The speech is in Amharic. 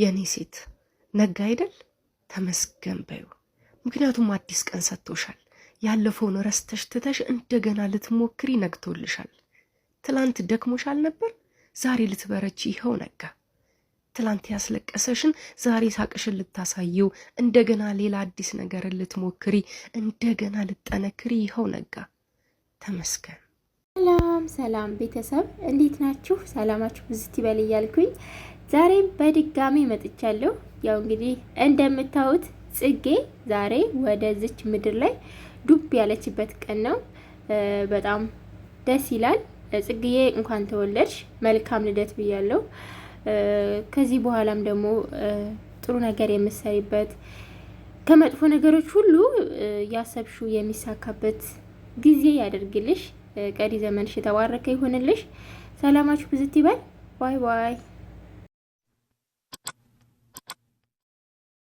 የእኔ ሴት ነጋ አይደል? ተመስገን በዩ። ምክንያቱም አዲስ ቀን ሰጥቶሻል። ያለፈውን ረስተሽ ትተሽ እንደገና ልትሞክሪ ነግቶልሻል። ትላንት ደክሞሻል ነበር፣ ዛሬ ልትበረች ይኸው ነጋ። ትላንት ያስለቀሰሽን ዛሬ ሳቅሽን ልታሳየው፣ እንደገና ሌላ አዲስ ነገርን ልትሞክሪ፣ እንደገና ልጠነክሪ ይኸው ነጋ። ተመስገን። ሰላም ሰላም ቤተሰብ እንዴት ናችሁ? ሰላማችሁ ብዝት ይበል እያልኩኝ ዛሬም በድጋሚ መጥቻለሁ። ያው እንግዲህ እንደምታዩት ጽጌ ዛሬ ወደዚች ምድር ላይ ዱብ ያለችበት ቀን ነው። በጣም ደስ ይላል። ጽጌዬ እንኳን ተወለድሽ፣ መልካም ልደት ብያለሁ። ከዚህ በኋላም ደግሞ ጥሩ ነገር የምሰሪበት ከመጥፎ ነገሮች ሁሉ ያሰብሹ የሚሳካበት ጊዜ ያደርግልሽ። ቀሪ ዘመንሽ የተባረከ ይሆንልሽ። ሰላማችሁ ብዝት ይበል። ዋይ ዋይ